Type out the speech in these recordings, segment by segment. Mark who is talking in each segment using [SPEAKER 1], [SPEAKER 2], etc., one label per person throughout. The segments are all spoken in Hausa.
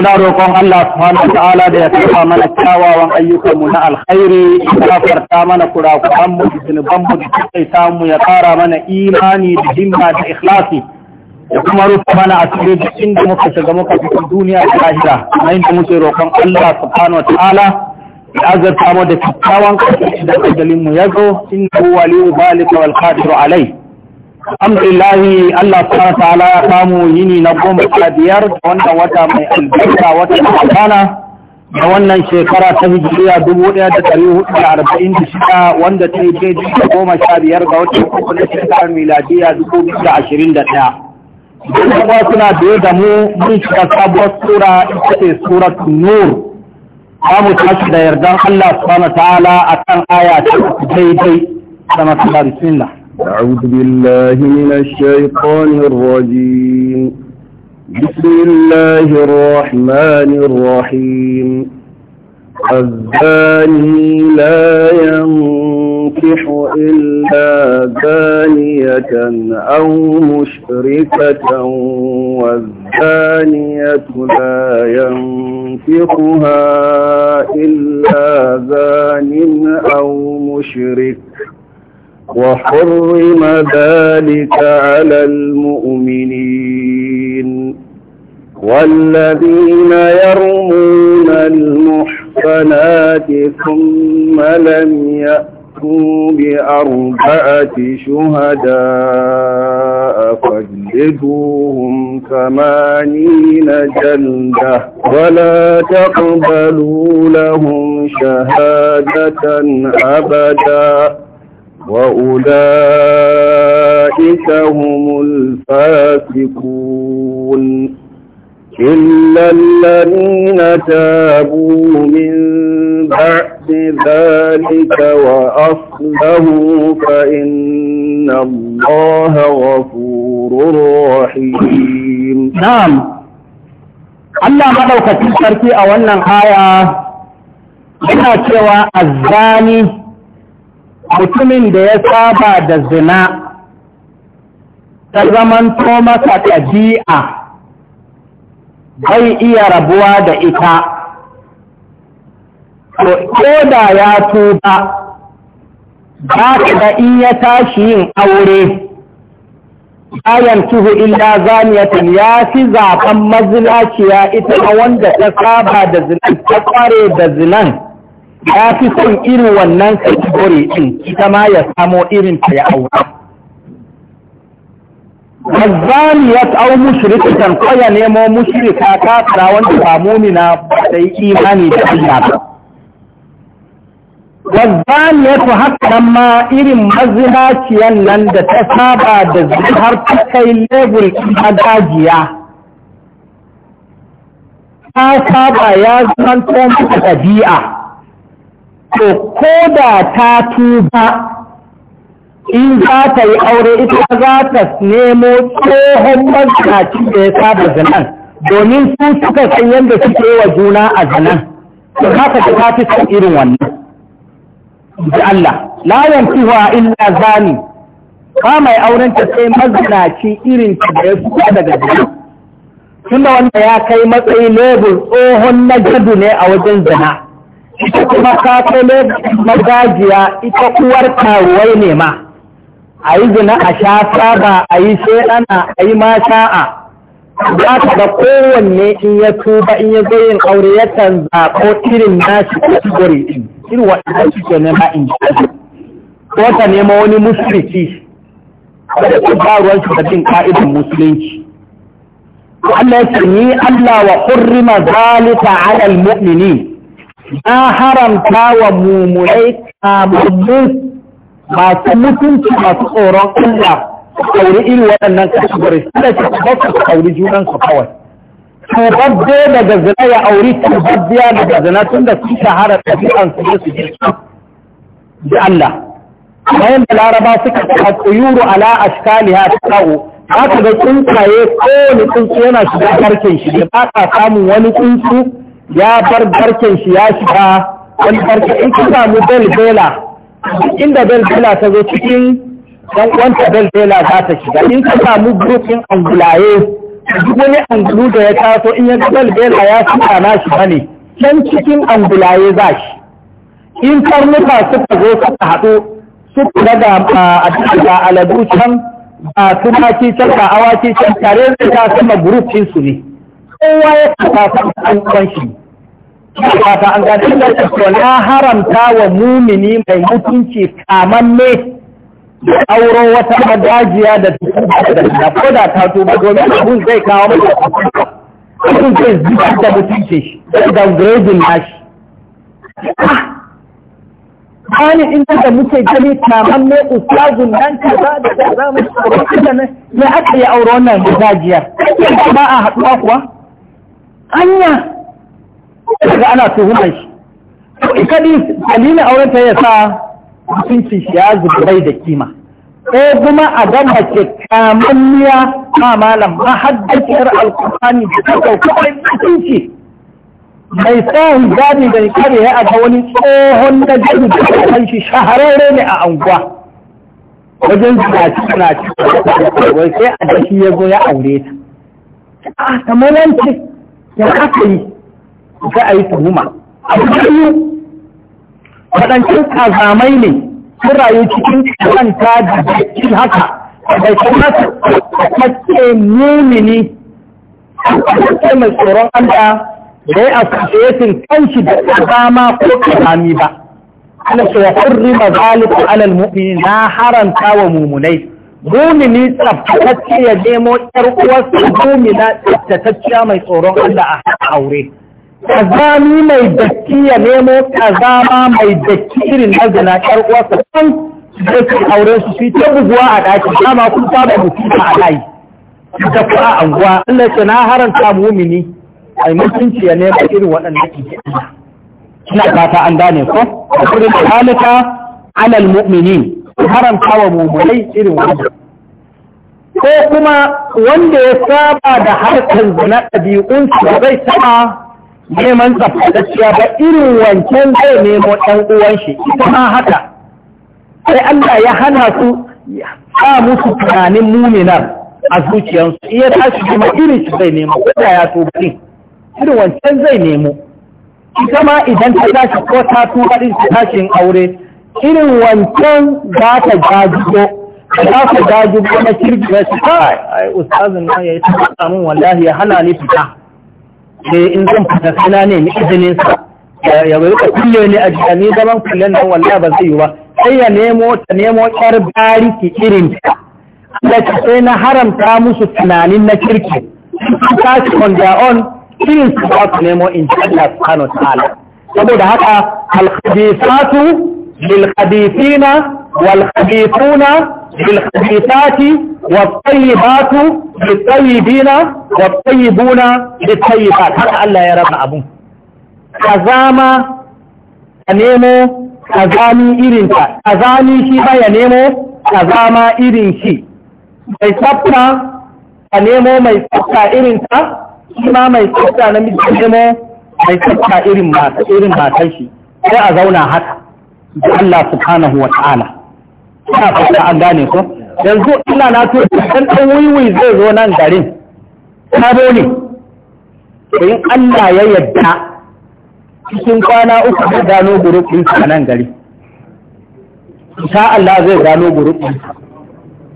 [SPEAKER 1] ina roƙon Allah subhanahu ta'ala da ya tafa mana kyawawan ayyukan mu na alkhairi ya gafarta mana kurakuran mu zunuban mu da tsaita mu ya ƙara mana imani da himma da ikhlasi ya kuma rufe mana cikin duk inda muka shiga muka fito duniya da lahira na da muke roƙon Allah subhanahu ta'ala ya azurta mu da kyakkyawan kasance da ajalin mu ya zo inna huwa liyu balika wal qadiru alai alhamdulillahi Allah subhanahu ta'ala ya samu yini na goma sha biyar da wannan wata mai albarka wata amana da wannan shekara ta hijiriya dubu ɗaya da ɗari hudu da arba'in da shida wanda ta yi daidai da goma sha biyar ga wata uku na shekarar miladiya dubu biyu da ashirin da ɗaya. da suna biye da mu mun shiga sabuwar sura ita ce suratu nur. Za mu tashi da yardan Allah subhanahu ta'ala kan aya ta daidai da masu bismillah.
[SPEAKER 2] أعوذ بالله من الشيطان الرجيم بسم الله الرحمن الرحيم الزاني لا ينكح إلا زانية أو مشركة والزانية لا ينكحها إلا زان أو مشرك وحرم ذلك على المؤمنين والذين يرمون المحصنات ثم لم يأتوا بأربعة شهداء فاجلدوهم ثمانين جلدة ولا تقبلوا لهم شهادة أبداً وأولئك هم الفاسقون إلا الذين تابوا من بعد ذلك وأصله فإن الله غفور رحيم نعم Allah maɗaukacin sarki a wannan aya
[SPEAKER 1] yana cewa azzani mutumin da ya saba da zina ta zamanto masa ɗabi'a bai iya rabuwa da ita ko da ya tuba ba da in ya tashi yin aure bayan tuhu illa zaniyatan ya fi zaɓen mazinaciya ita wanda ta saba da zinan ta kware da zinan ya fi son irin wannan kategori ɗin ita ma ya samo irin ta ya aura azzani ya tsawo mushrikitan ko ya nemo mushrika ta fara wanda ba mumina ba ta yi imani da Allah ba wazzani ya fi nan ma irin mazinaciyan nan da ta saba da har ta kai lebur ina dajiya ta saba ya zanto mata ɗabi'a to ko da ta tuba in za ta yi aure ita za ta nemo tsohon mazaki da ya saba zanen domin su suka san yadda suke wa juna a zanen to haka da ta fi san irin wannan ji Allah la yantiwa illa zani ba mai auren ta sai mazinaci irin ta da ya fita daga zanen tunda wanda ya kai matsayi lebur tsohon na gadu ne a wajen zina. ita kuma kafole magajiya ita uwar karuwai ne ma a yi zina a sha saba a yi shaɗana a yi ma sha'a za ka ga kowanne in ya tuba in ya zo yin aure canza ko irin nashi in ɗin irin waɗanda suke nema in ji ko ta nema wani musulunci da ke ba shi da bin ka'idan musulunci Allah ya ce ni Allah wa hurrima zalika ala al-mu'minin na haramta wa mumulai kamammu masu mutunci masu tsoron Allah kauri iri waɗannan kashigari suna ce ba su kauri junansu kawai tubabbe daga zina ya auri tubabbiya daga zina tun da sun shahara ɗabi'an su ne su ji da Allah bayan da laraba suka ta kuyuru ala ashkaliha ta ta'u haka ga tsuntsaye kowane tsuntsu yana shiga harkin shi da ba ka samun wani tsuntsu ya bar barken shi ya shiga wani barkin in ka samu belbela inda belbela ta zo cikin dan wanta belbela za ta shiga in ka samu grupin angulaye duk wani angulu da ya taso in ya bel belbela ya shiga na shi bane can cikin angulaye za shi in karnuka suka zo suka haɗu suka daga a cikin da aladu can ba tumaki can ba awaki can tare da ta sama grupin su ne kowa ya kasa san kwanshi
[SPEAKER 2] fata an gane Allah ko na haramta
[SPEAKER 1] wa mumini mai mutunci da auro wata madajiya da da ko da ta tuba domin abun zai kawo mata abun zai zubar da mutunci shi da gredin nashi Ani ah! in da muke gani kamamme ustazun nan ba da kaza mai tsoron da ne aka yi auro wannan madajiyar ba a haɗuwa kuwa anya daga ana tuhumar shi in kadi dalilin auren ta yasa mutuncin shi ya zubai da kima ko kuma a ga mace kamanniya ma malam ma haddaciyar alkurani da ta wani mutunci mai sa hijabi da kare ya ga wani tsohon da jari da kan shi shahararre ne a anguwa wajen zinaci na ci wai sai a shi ya zo ya aure ta a kamar yanci ya aka yi za a yi tuhuma abu da biyu waɗancan kazamai ne sun rayu cikin kanta da jikin haka da kuma kwace mumini kwace mai tsoron Allah da ya asociyatin kanshi da kazama ko kazami ba ana ce wa hurrima zalika alal na haranta wa mumunai mumini tsaftatacce ya nemo yar uwarsa mumina tsaftatacciya mai tsoron Allah a aure kazami mai datti ya nemo kazama mai datti irin na zina ƴar uwarsa kan zai ci auren su su ta buguwa a ɗaki dama kun saba musiba a layi ta ku a anguwa Allah ce na haranta mu mumini ai mutunci ya nemo irin waɗannan ke
[SPEAKER 2] ina fata an gane ko da kuma halika
[SPEAKER 1] alal mu'minin haramta wa mummunai irin wannan ko kuma wanda ya saba da harkar zina ɗabi'unsu ba zai taɓa neman tsaftatacciya ba irin wancan zai nemo ɗan uwan shi ita ma haka
[SPEAKER 2] sai Allah ya hana su
[SPEAKER 1] sa musu tunanin mumina a zuciyarsu iya shi kuma irin shi zai nemo ko ya tuba din irin wancan zai nemo ita ma idan ta tashi ko ta tuba din ta tashin aure irin wancan za ta gajigo za ta gajigo na kirgi na shi kai ai ustazin na ya yi ta samun wallahi ya hana ni fita sai eh, in zan fita sana ne ni izinin sa ya bai kulle ne a jiya ni zaman kulle nan wallahi ba zai yi ba sai ya nemo ta nemo yar ki irin ta da sai na haramta musu tunanin na kirki sun tashi on their own irin su za su nemo in ji Allah subhanahu wa ta'ala saboda haka al للخبيثين والخبيثون للخبيثات والطيبات للطيبين والطيبون للطيبات haka Allah ya raba abun kazama ka nemo kazami irin kazami shi ba kazama irin shi mai tsafta ka mai tsafta irin ta shi ma mai tsafta nemo mai tsafta irin matan shi sai a zauna haka da Allah subhanahu wa ta'ala ina fata an gane ko yanzu ina na to dan dan wiwi zai zo nan garin bo ne in Allah ya yadda cikin kwana uku zai gano group din nan gari insha Allah zai gano group din sa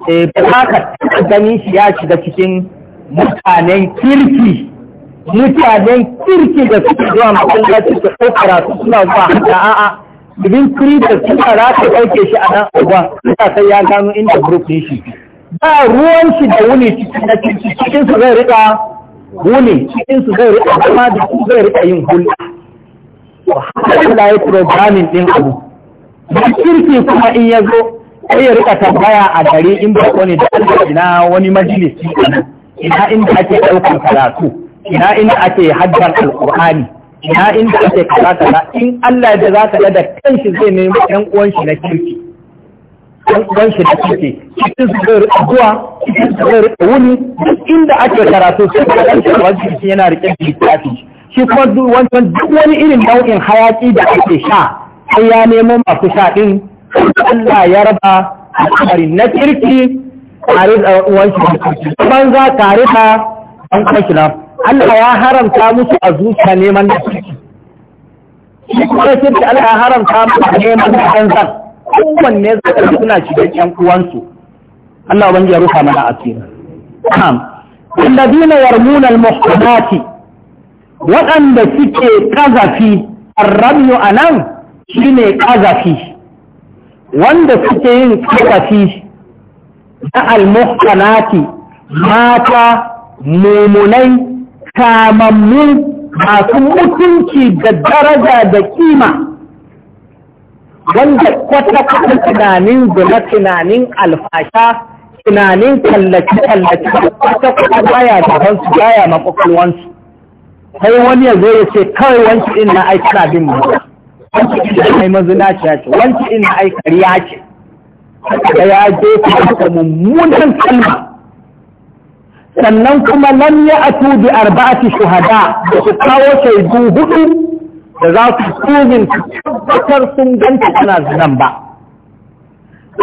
[SPEAKER 1] eh ba haka gani shi ya shiga cikin mutanen kirki mutanen kirki da suke zuwa masallaci su ɗaukara su suna zuwa a a'a Ibin Creeders suna su ɗauke shi a nan uba suna sai ya gano inda group ne shi. Ba ruwan shi da wuni cikin cikin su zai riƙa wuni cikin su zai riƙa kuma da su zai riƙa yin hulɗa. Allah ya programming ɗin abu. Ba kirki kuma in ya zo sai ya riƙa tambaya a gari in ba ne da Allah na wani majalisi ina inda ake ɗaukar karatu ina inda ake haddan alƙur'ani ina inda ake kaza kaza in Allah da za ka da kanshi zai nemi ɗan uwan shi na kirki ɗan uwan shi na kirki cikin su zai rika zuwa cikin su zai rika wuni inda ake karatu su ka ɗan shi wajen shi yana rike da littafi shi kuma wancan duk wani irin nau'in hayaki da ake sha sai ya nemo masu sha ɗin Allah ya raba al'amari na kirki tare da uwan shi na kirki banza tare da ɗan uwan shi na Allah ya haramta musu a zuciya neman da suke shi kuma shirki Allah ya haramta musu neman da ɗan zan kowanne zai suna shiga ƴan uwansu Allah ban ya rufa mana asiri الذين يرمون المحصنات waɗanda suke kazafi arrabiyu a nan shi ne wanda suke yin kazafi na almuhsanati mata mumunai kamammu masu mutunci da daraja da kima wanda kwata-kwata tunanin guna tunanin alfasha tunanin tallace-tallace kwata-kwata baya hansu baya makwakwalwansu sai wani ya zo ya ce kawai wancan in na aikata bin mu wancan in na aikata bin ce wancan in na aikata kariya ce da ya je ta mummunan kalma sannan kuma lam ya atu bi arba'ati shuhada da su kawo shaidu hudu da za su tsumin tabbatar sun ganta tana zinan ba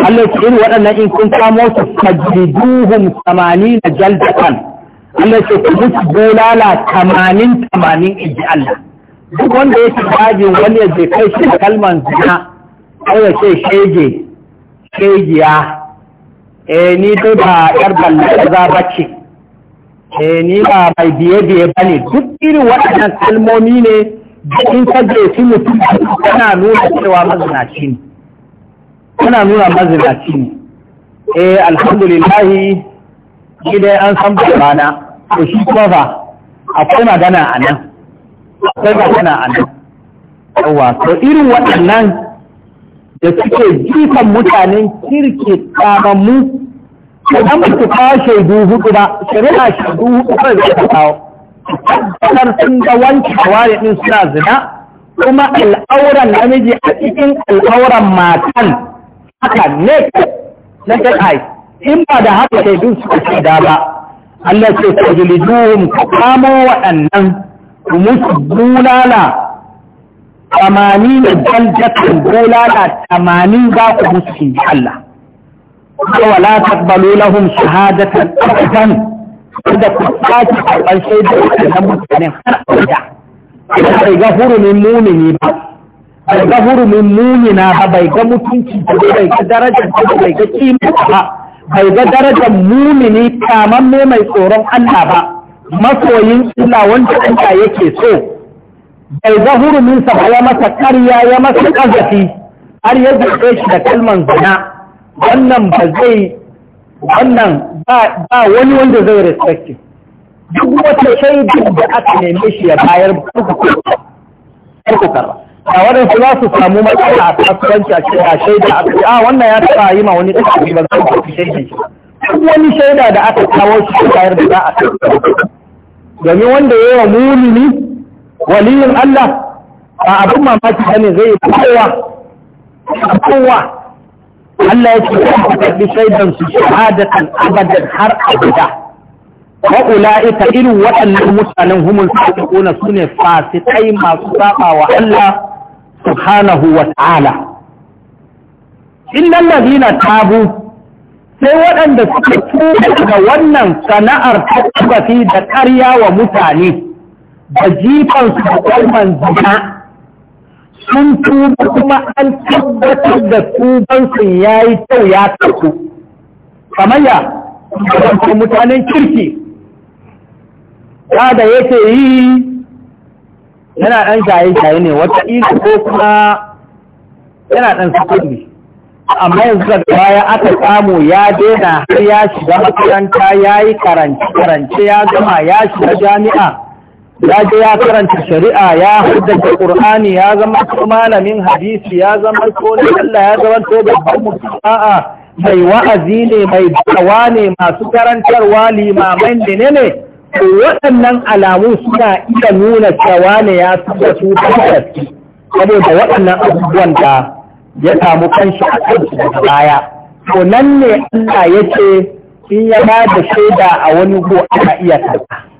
[SPEAKER 1] Allah ce irin waɗannan in kun kamo su fajiduhum samani na jaldatan Allah ce ku mutu bulala tamanin tamanin inji Allah duk wanda ya ci dajin wani ya je kai shi kalman zina ko ya ce shege shegiya eh ni dai ba yar balla za ba ce eh ni ba mai biye-biye ba ne duk irin waɗannan kalmomi ne da in ka su mutum tana nuna cewa mazinaci ne tana nuna mazinaci ne eh alhamdulillahi shi dai an san babana to shi kuma a akwai magana a nan akwai magana a nan yawa to irin waɗannan da suke jifan mutanen kirki mu. idan ba su kawo shaidu hudu ba shari'a shaidu hudu kawai za ta kawo tabbatar sun ga wanke ware din suna zina kuma al'auran namiji a cikin al'auran matan haka ne na kai in ba da haka shaidu suka da ba Allah ce ta jiliduhum ku kamo waɗannan ku musu bulala tamanin da jaljatan bulala tamanin za ku musu Allah wala taqbalu lahum shahadatan abadan da ku sake karɓar shaidar waɗannan mutane har abada bai ga hurumin mumini ba bai ga hurumin mumina ba bai ga mutunci ba bai ga darajar ba bai ga kima ba bai ga darajar mumini ne mai tsoron Allah ba masoyin Allah wanda Allah yake so bai ga hurumin sa ba ya masa ƙarya ya masa ƙazafi har ya zaɓe shi da kalman zina wannan ba zai wannan ba wani wanda zai respectin duk wata duk da aka neme shi ya bayar karkukarwa a waɗansu za su samu matsala a kasuwanci a shaida a a ah, wannan ya taba yi ma wani ɗan ba zai tafi shaida shi duk wani shaida da aka kawo shi bayar da za a kai domin wanda ya yi wa mumini waliyin Allah ba abin mamaki ba ne zai yi kowa kowa Allah ya ce ku karbi shaidan su shahadatan abadan har abada wa ulaika irin waɗannan mutanen humul fasiquna sune fasikai masu saba wa Allah subhanahu wa ta'ala innal ladina tabu sai waɗanda suka tuba daga wannan sana'ar tabbafi da ƙarya wa mutane da su da kalman zina sun tuba kuma an tabbatar da tubansu ya yi kyau ya tasu kamar ya mutanen kirki da yake yi yana ɗan shaye-shaye ne wata iko ko kuma yana ɗan sukuri amma yanzu da baya aka samu ya daina har ya shiga makaranta ya yi karance-karance ya zama ya shiga jami'a ya je ya karanta shari'a ya haddace ƙur'ani ya zama malamin hadisi ya zama ko Allah ya zama to babban mutum a'a mai wa'azi ne mai dawa ne masu karantarwa limamai ne ne waɗannan alamu suna iya nuna cewa ne ya tuba su tabbas saboda waɗannan abubuwan da ya samu shi a su daga baya to nan ne Allah ya ce in ya ba da shaida a wani go ana iya karɓa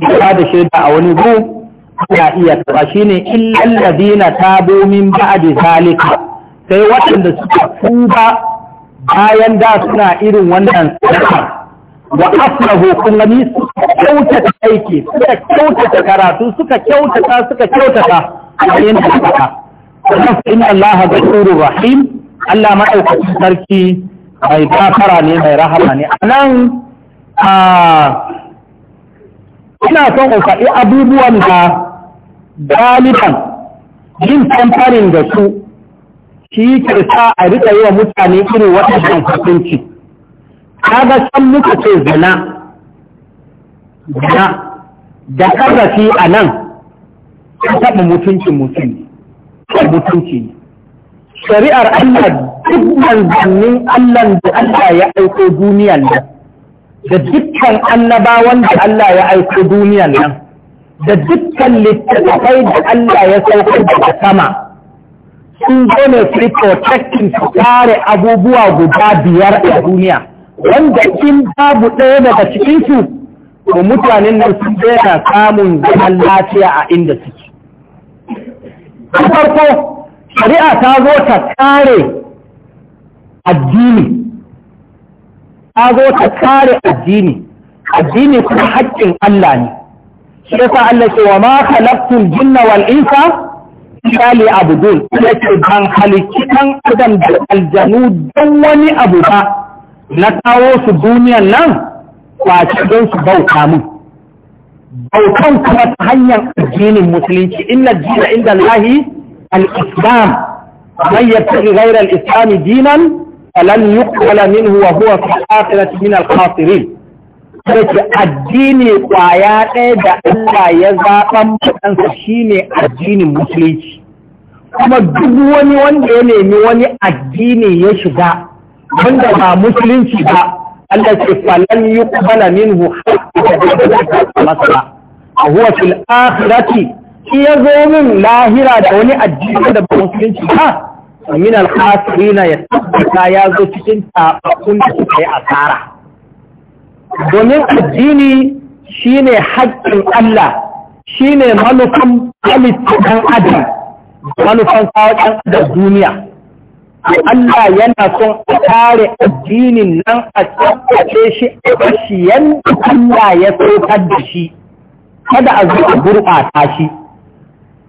[SPEAKER 1] ba da shaida a wani gu ya iya karɓa shine illal ladina tabu min ba'di zalika sai waɗanda suka tuba bayan da suna irin wannan sadaka wa aslahu kun gani suka kyautata aiki suka kyautata karatu suka kyautata suka kyautata bayan da suka sannan inna Allah ghafurur rahim Allah madaukakin sarki mai gafara ne mai rahama ne anan a ina son in faɗi abubuwan da galiban yin kamfanin da su shi ke sa a rika yi wa mutane irin waɗannan hukunci kaga san muka ce zina zina da karrafi a nan ta taɓa mutuncin mutum mutunci ne shari'ar Allah duk manzannin Allah da Allah ya aiko duniyar nan da dukkan annabawan da Allah ya aiko duniyan nan da dukkan littattafai da Allah ya saukar daga sama sun zo ne su protectin su kare abubuwa guda biyar a duniya wanda in babu ɗaya daga su, ko mutanen nan sun daina samun zaman lafiya a inda suke. Na farko, shari'a ta zo ta kare addini ta zo ta kare addini addini kuma haƙƙin Allah ne shi yasa Allah ce wa ma khalaqtul jinna wal insa illa liya'budun Allah ce ban halicci dan adam da aljanu don wani abu ba na kawo su duniyan nan ba don su bauta mu bautan kuma ta hanyar addinin musulunci inna dina inda Allahi al-islam man yattabi ghayra al-islam dinan falan yuqbala minhu wa huwa fi akhirati min al-khasirin kace addini kwaya ɗaya da Allah ya zaɓan kansa shine addinin musulunci kuma duk wani wanda ya nemi wani addini ya shiga wanda ba musulunci ba Allah ce falan yuqbala minhu hatta masala a huwa fil akhirati shi ya zo min lahira da wani addini da musulunci ba min alhasirina ya tabbata ya zo cikin tabakun da suka yi asara domin addini shine haƙƙin Allah shine manufan halitta ɗan adam manufan kawo ɗan adam duniya Allah yana son a kare addinin nan a tsaftace shi a bashi yadda Allah ya saukar da shi kada a zo a gurɓata shi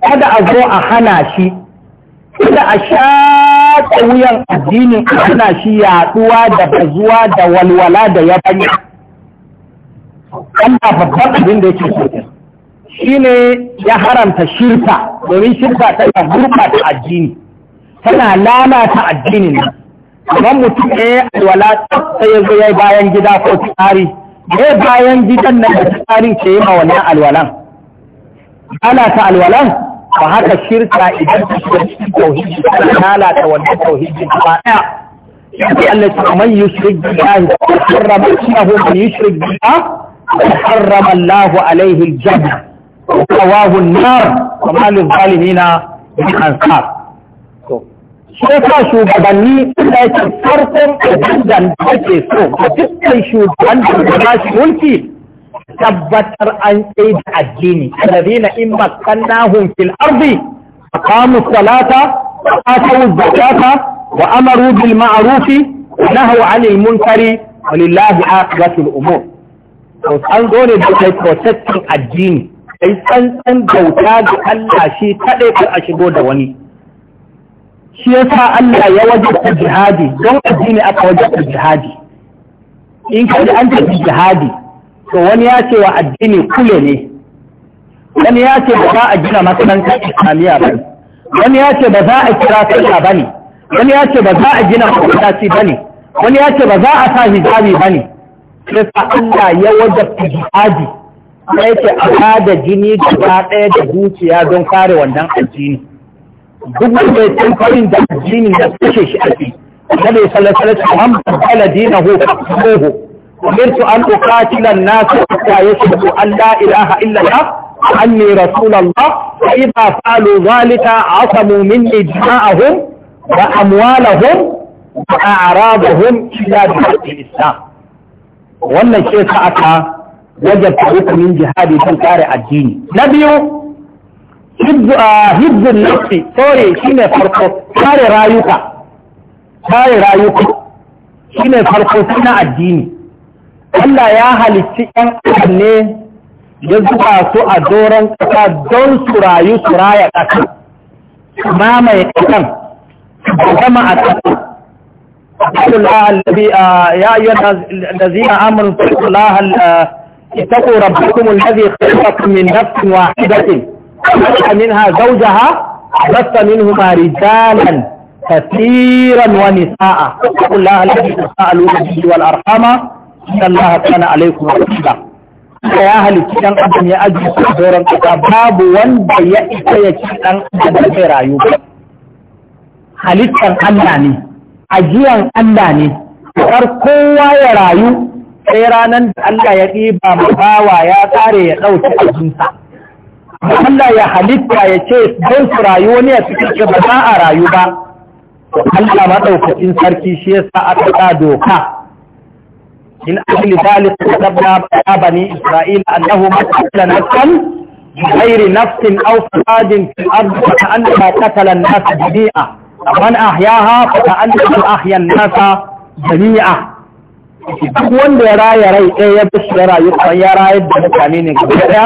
[SPEAKER 1] kada a zo a hana shi kada a shaƙa wuyan addini ana shi yaɗuwa da bazuwa da walwala da yabanya Allah babban abin da yake so shi ne ya haramta shirka domin shirka tana gurɓata addini tana lalata addini ne kamar mutum yi alwala sai ya zo ya bayan gida ko tsari Me bayan gidan nan da tsarin ke yi ma wannan alwalan lalata alwalan ba haka shirka idan ta shiga cikin tauhidi ta lalata wannan tauhidi ba daya sai Allah ya ce man yushrik billahi harrama Allahu man yushrik billahi harrama Allahu alaihi aljanna wa qawahu an-nar wa ma lil zalimina min ansar to sai ka shugabanni Allah ya ce farkon ajandan da ake so dukkan shugaban da ya shi mulki tabbatar an tsaye da addini alladhina in makkannahum fil ardi aqamu salata wa atu zakata wa amaru bil ma'ruf wa nahaw 'anil munkari walillahi aqibatul umur to an zo da kai protecting addini kai tsantsan bauta ga Allah shi kadai kar a shigo da wani shi yasa Allah ya wajabta jihadi don addini aka wajabta jihadi in kaji an tafi jihadi to wani ya ce wa addini kule ne wani ya ce ba za a gina makarantar islamiyya ba wani ya ce ba za a kira sallah ba ne wani ya ce ba za a gina masallaci ba ne wani ya ce ba za a sa hijabi ba ne sai sa Allah ya wajabta jihadi sai yake a bada jini gaba ɗaya da zuciya don kare wannan addini duk wani bai san farin da addini ya kashe shi ake kada ya sallar sallar Muhammad ala dinahu ko umirtu an uqatila an-nas hatta yashhadu an la ilaha illa Allah anni rasulullah wa idha fa'alu dhalika asamu minni dima'ahum wa amwalahum wa a'radahum ila al-islam wannan shi ta aka wajabta hukumin jihadi don kare addini na biyu hibbun nafsi tsore shi ne farko kare rayuka kare rayuka shi ne farko na addini Allah ya halitti ‘yan adam ne ya zuba su a doron ƙasa don su rayu su raya ƙasa, mamaye ƙasan, zama a ƙasa. اتقوا الله الذي يا ايها الذين امنوا اتقوا الله اتقوا ربكم الذي خلقكم من نفس واحده خلق منها زوجها بث منهما رجالا كثيرا ونساء اتقوا الله الذي تساءلون به والارحام inna allaha kana wa hasiba Allah ya halitta dan adam ya ajiye su doron kasa babu wanda ya isa ya ci dan adam zai rayu ba halittar Allah ne ajiyan Allah ne kar kowa ya rayu sai ranar da Allah ya ma bawa ya tsare ya ɗauki ajinsa Allah ya halitta ya ce don su rayu wani ya suke ba za a rayu ba Allah maɗaukakin sarki shi yasa aka sa doka من أجل ذلك كتبنا بني إسرائيل أنه من قتل نفسا بغير نفس أو فساد في الأرض فكأنما قتل الناس جميعا ومن أحياها فكأنما أحيا الناس جميعا duk wanda ya raya rai ɗaya ya bishi ya rayu kamar ya rayar da mutane ne gaba ɗaya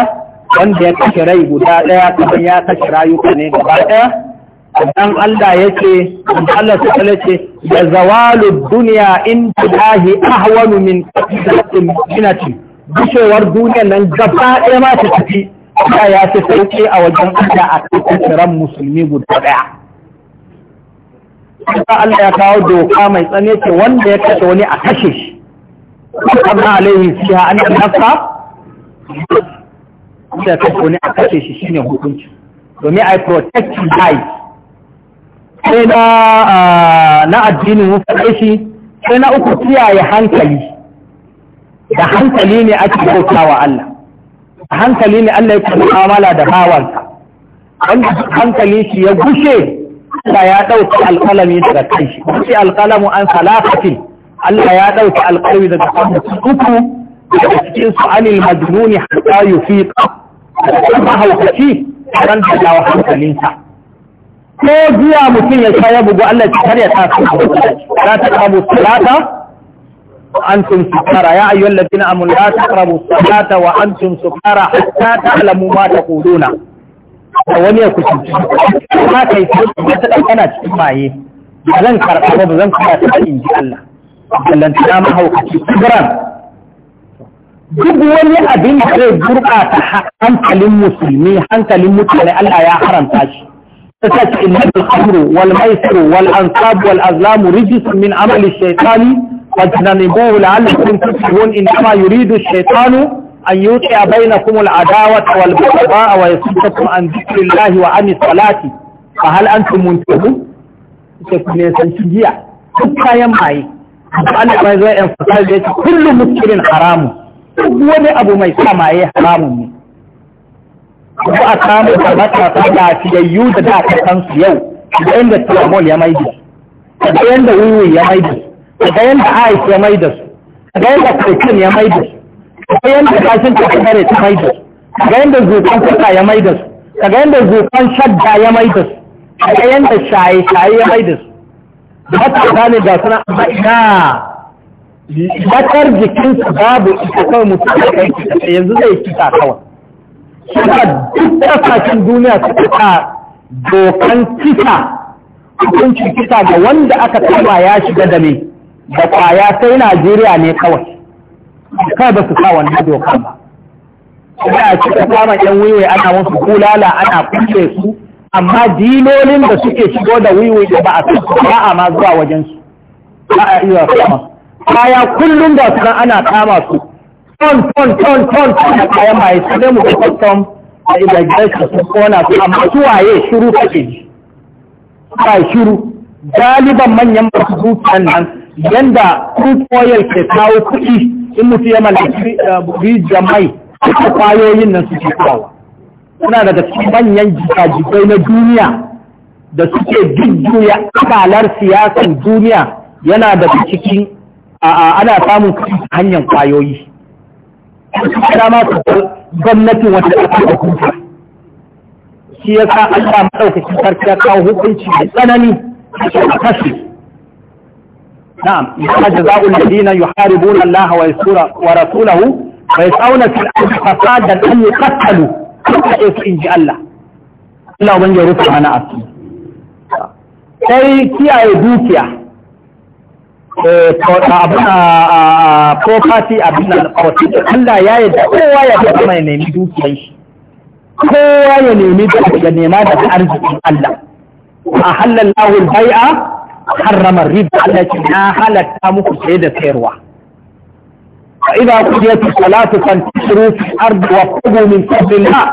[SPEAKER 1] wanda ya kashe rai guda ɗaya kamar ya kashe rayuka ne gaba ɗaya dan Allah yake Allah ta ce ya zawalu dunya in billahi ahwanu min qatlatin minati bishewar duniya nan gaba ɗaya ma ta tafi ya ya ce sauke a wajen Allah a cikin musulmi guda ɗaya Kuma Allah ya kawo doka mai tsane ce wanda ya kashe wani a kashe shi amma alaihi fiha an ya kashe wani a kashe shi ne hukunci domin ai protect life sai na na addinin mun shi sai na uku kiyaye hankali da hankali ne ake wa Allah da hankali ne Allah yake mu'amala da bawansa wanda hankali shi ya gushe Allah ya ɗauki alƙalami daga kai shi gushe alƙalamu an salafatin Allah ya ɗauki alƙalami daga kan uku daga cikin su anil majnuni hatta yufiqa da mahaukaci ran da dawo hankalinsa ko giya mutum ya sha ya bugu Allah ya karya ta su Za ta taqrabu salata wa antum sukara ya ayyuhal ladina amanu la taqrabu salata wa antum sukara hatta ta'lamu ma taquluna
[SPEAKER 2] da wani ya kuci
[SPEAKER 1] ka kai ta dan kana cikin maye zan karɓa ba zan kuma ta in ji Allah sallan ta ma hauka kibran duk wani abin da zai gurɓata hankalin musulmi hankalin mutane Allah ya haramta shi
[SPEAKER 2] تتك إن الخمر
[SPEAKER 1] والميسر والأنصاب والأزلام رجس من عمل الشيطان فاجتنبوه لعلكم تفلحون إنما يريد الشيطان أن يوقع بينكم العداوة والبغضاء ويصدكم عن ذكر الله وعن الصلاة فهل أنتم منتهون؟ تكون يسنشجيع تبقى يمعي أنا ما زي أنفصال كل مسكر حرام wani abu mai sa maye haramun ne ko a samu da matasa da fiyayyu da da aka san su yau da yanda tiramol ya maida su da yanda wuyu ya maida su da yanda ais ya maida su da yanda kokin ya maida su da yanda kashin kakabare ta maida su da yanda zukan kuka ya maida su da yanda zukan shadda ya maida su da yanda shaye-shaye ya maida su da matasa ne ga suna amma ina bakar jikinsu babu ita kawai mutum da kai yanzu zai kita kawai kuma duk kasashen duniya su kuka dokan kisa hukuncin kisa ga wanda aka taba ya shiga da ne da kwaya sai Najeriya ne kawai kai ba su sa wannan dokan ba kuma a cika kama yan wiwe ana musu kulala ana kulle su amma dilolin da suke shigo da wiwe da ba a san su ba a ma zuwa wajen su ba a iya kama kaya kullum da su ana kama su ton ton ton ton da kayan maye su dai mu ga custom da immigration sun kona su amma su waye shiru kake ji shiru galiban manyan masu nan yanda crude oil ke kawo kuɗi in mutu ya mallaki eh, rijiyar mai haka kwayoyin nan suke kawo suna daga cikin manyan jigajigai na duniya da suke jujjuya akalar siyasan duniya yana daga cikin ana samun kuɗi hanyar kwayoyi kuma ma su gwamnatin wanda aka da kuka shi ya sa Allah maɗaukaki sarki ya kawo hukunci da tsanani a kashe na'am ya jaza'ul ladina na Allah wa yasura wa rasulahu wa yasawna fil ardi fasadan an yuqtalu kuma ya in ji Allah Allah ubangiji ya rufe mana asiri sai kiyaye dukiya property abin nan Allah ya yi kowa ya fi mai nemi dukiyar shi kowa ya nemi da nema da arzikin Allah a halal lahul bai'a harramar riba Allah ce na halatta muku sai da sayarwa فإذا قضيت الصلاة فانتشروا في الأرض وابتغوا من فضل الله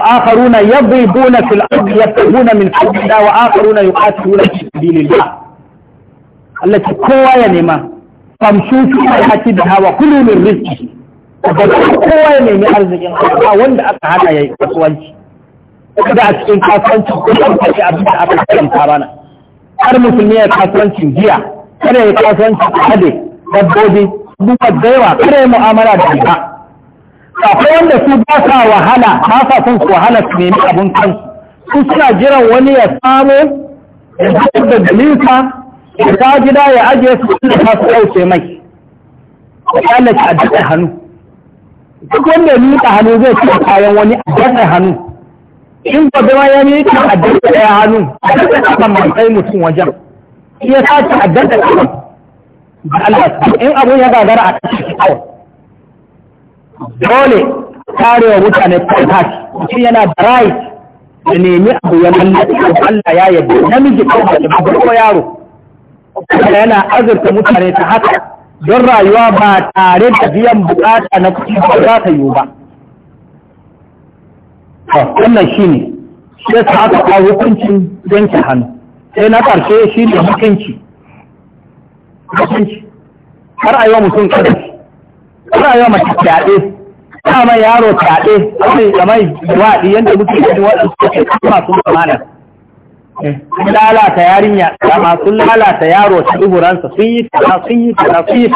[SPEAKER 1] آخرون يضربون في الأرض يبتغون من فضل الله وآخرون يقاتلون في سبيل الله Allah kowa ya nema famshu ya hayati da hawa kullu riski rizqi daga kowa ya nemi arzikin Allah wanda aka hada yayi kasuwanci kada a cikin kasuwanci, ko an kace abin da aka karanta bana har musulmi ya kasuwancin giya kada ya a hade dabbobi duka da yawa kada ya mu'amala da ba akwai wanda su ba sa wahala ba sa son su wahala su nemi abin kansu su suna jiran wani ya samu ya da dalinsa ya gida ya ajiye su da ta su ɗauke mai ya kyalace a daɗa hannu duk wanda ya miƙa hannu zai ci kayan wani a hannu in gobe ma ya miƙa a ɗaya hannu a daɗa mai kai mutum wajen iya sace a daɗa da Allah in abun ya gagara a kashe kawai dole karewa mutane kwanta shi yana da right da nemi abu ya mallaka Allah ya yadda namiji ko mace ko yaro yana azurta mutane ta haka don rayuwa ba tare da biyan bukata na kuɗi ba za ta yiwu ba wannan shi ne
[SPEAKER 2] shi ta haka a hukuncin
[SPEAKER 1] yanke hannu sai na ƙarshe shi ne hukunci hukunci har a yi wa mutum kada, har a yi wa mata fyaɗe kama yaro fyaɗe kamar waɗi yadda mutum yadda waɗanda suke kama sun kamanar. Eh, sun lalata yarinya dama sun lalata yaro ta duhuransa sun yi kaza sun yi kaza sun yi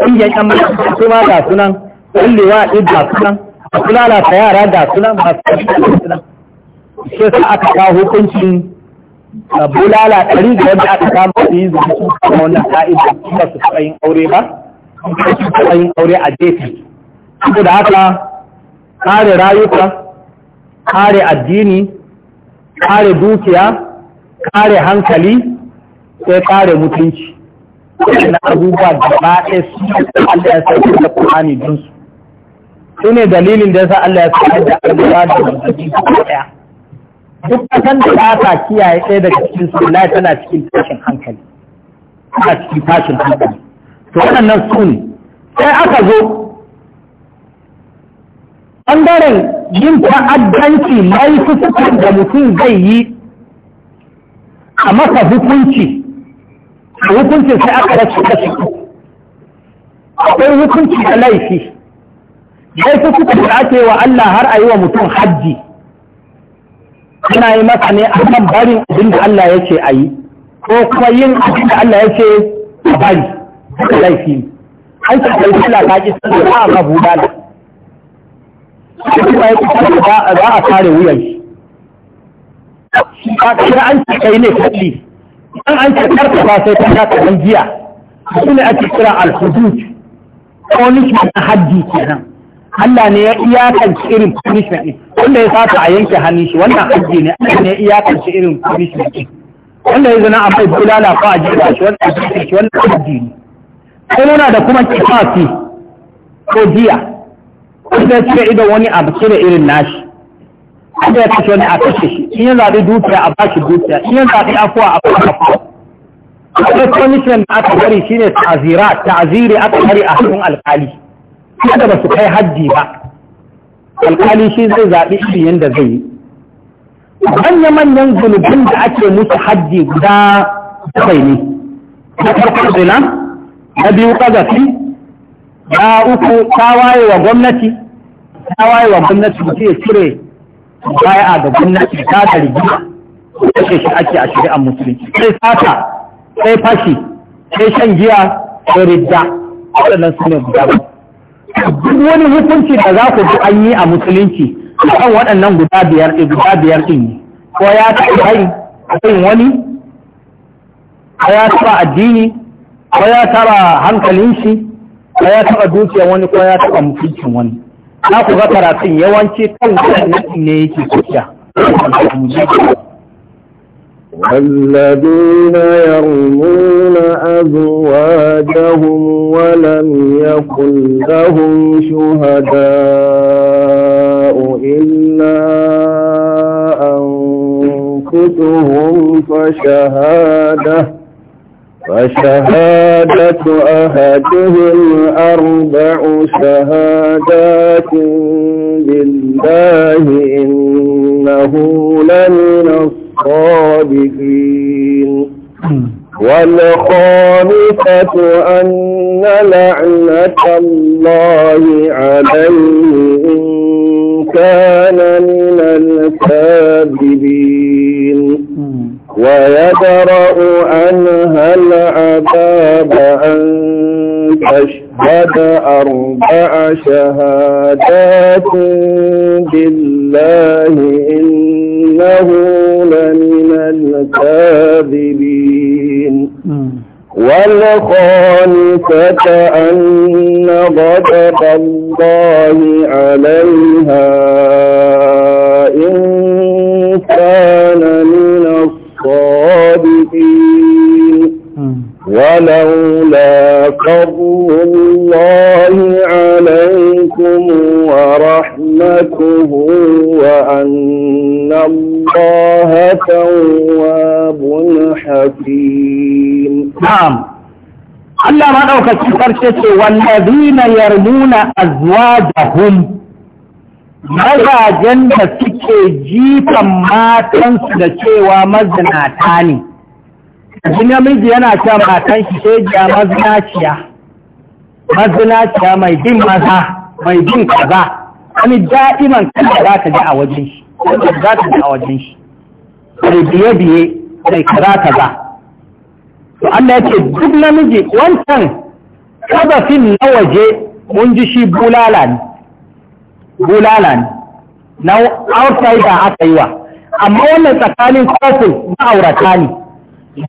[SPEAKER 1] Sun yi ƴan mata su ma ga sunan kullewa ɗin ga sunan masu lalata yara ga sunan masu ƙarfi ga sunan shi sa aka kawo hukuncin bulala ɗari da wanda aka kama su yi zuwa sun kama wannan ka'ida ba su taɓa yin aure ba ba su taɓa yin aure a jefi saboda haka kare rayuka kare addini kare dukiya kare hankali sai kare mutunci na abubuwa da ba ɗaya su Allah ya sauke da Qur'ani din su ne dalilin da yasa Allah ya sauke da abubuwa da manzanni ɗaya duk kasan da ta kiyaye ɗaya daga cikin su Allah tana cikin tashin hankali tana cikin tashin hankali to waɗannan su ne sai aka zo ɓangaren yin ta'addanci mai fuskar da mutum zai yi a masa hukunci a hukunci sai aka rasu kashi akwai hukunci da laifi fuskar da ake wa Allah har a yi wa mutum hajji ana yi masa ne a kan barin abin da Allah ya ce a yi ko kuma yin abin da Allah ya ce a bari da laifi ne an ta kai sala ta ƙi sanar ba a da.
[SPEAKER 2] shi kuma ya kusa da za a kare wuyan
[SPEAKER 1] shi ba kira an ce kai ne kalli an an ce karka ba sai ta kaka dan giya su ne ake kira al-hudud punishment na haddi kenan Allah ne ya iyakance irin punishment ɗin. wanda ya saka a yanke hannun shi wannan haddi ne Allah ne ya iyakance irin punishment ɗin. wanda ya zana a mai bulala ko a jira shi wanda a shi wannan haddi ne
[SPEAKER 2] sai muna da kuma kifafi
[SPEAKER 1] ko jiya wanda cire ido wani abu cire irin nashi wanda ya kashe wani a kashe shi in ya zaɓi dukiya a bashi dukiya in ya zaɓi afuwa a bashi afuwa akwai commission da aka bari shine ta'azira ta'aziri aka bari a cikin alƙali. kada ba su kai hajji ba Alƙali shi zai zaɓi irin yadda zai yi manya manyan zunubin da ake musu hajji guda bakwai ne na farko zina na biyu kazafi
[SPEAKER 2] na uku tawaye wa
[SPEAKER 1] gwamnati tawaye wa gwamnati mutu ya cire baya ga gwamnati ta da rigima ce shi ake a shari'ar musulunci sai sata sai fashi sai shan giya sai ridda waɗannan su ne guda ba duk wani hukunci da za ku ji an yi a musulunci kan waɗannan guda biyar ɗin eh, guda biyar ɗin ne ko ya taɓa yin wani ko ya taɓa addini ko ya taɓa hankalin shi ko ya taba dukiya wani ko ya taba mutuncin wani na ku ga karatun yawanci kan gwamnati
[SPEAKER 2] ne yake kusa والذين يرمون أزواجهم ولم يكن لهم شهداء إلا أنفسهم فشهاده وشهادة أهدهم أربع شهادات بالله إنه لمن الصادقين والخامسة أن لعنة الله عليه إن كان من الكاذبين ويدرأ عنها العذاب أن تشهد أربع شهادات بالله إنه لمن الكاذبين والخامسة أن غضب الله عليها إن كان من الصادقين ولولا فضل الله عليكم ورحمته وأن الله تواب حكيم نعم الله ما أوكا كفر
[SPEAKER 1] والذين يرمون أزواجهم mazajen da suke jifan matansu da cewa mazinata ne ji namiji yana cewa matan shi sai jiya mazinaciya mazinaciya mai bin maza mai bin kaza wani da'iman kada za ta ji a wajen shi wanda za ta ji a wajen shi mai biye-biye mai kaza za, to Allah ya ce duk namiji wancan fin na waje mun ji shi bulala ne bulala ne na outsider aka yi wa amma wannan tsakanin kofin ma'aurata ne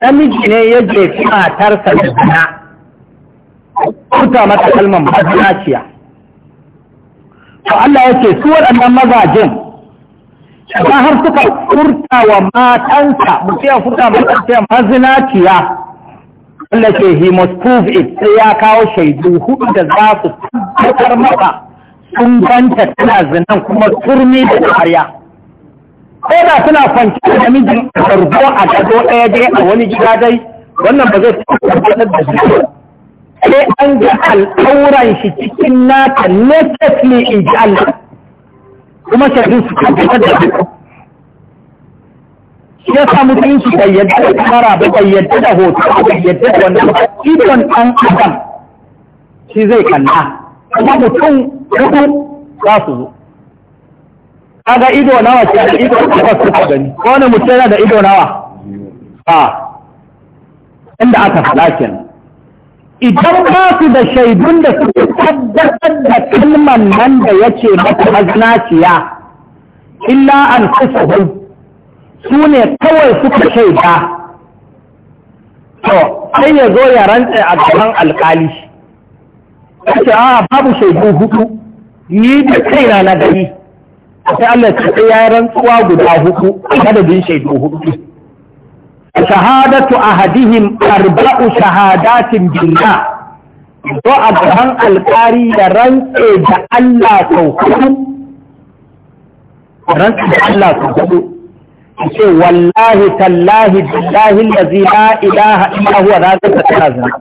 [SPEAKER 1] namiji ne ya jefi matarsa da zina kuta mata kalmar mazinaciya to Allah ya ce su waɗannan mazajen ba har suka furta wa matansa mutum ya furta matansa mazinaciya Allah ce he must prove it sai ya kawo shaidu hudu da za su tabbatar mata sun banta tana zinan kuma turmi da ƙarya ko da suna kwanci da namijin bargo a gado ɗaya dai a wani gida dai wannan ba zai tabbatar da shi sai an ga al'auran shi cikin nata ne in ji Allah kuma shaidun su tabbatar da shi shi ya sa mutunci bai yadda da kamara ba bai yadda da hoto bai yadda da wanda ba idon ɗan adam shi zai kalla kuma mutum uku za su zo kaga ido nawa ce da ido takwas suka gani ko wani mutum yana da ido nawa Ha, inda aka faɗa kenan idan ba su da shaidun da suke tabbatar da kalman nan da ya ce mata mazinaciya illa an kusuhu su ne kawai suka shaida to sai ya zo ya rantse a gaban alkali ce a babu shaidu hudu ni da kaina na gani sai Allah ta sai ya rantsuwa guda hudu madadin shaidu hudu
[SPEAKER 2] shahadatu
[SPEAKER 1] ahadihim arba'u shahadatin billah zo a gaban alkari da rantse da Allah sau hudu rantse da Allah sau hudu ce wallahi tallahi billahi allazi la ilaha illa huwa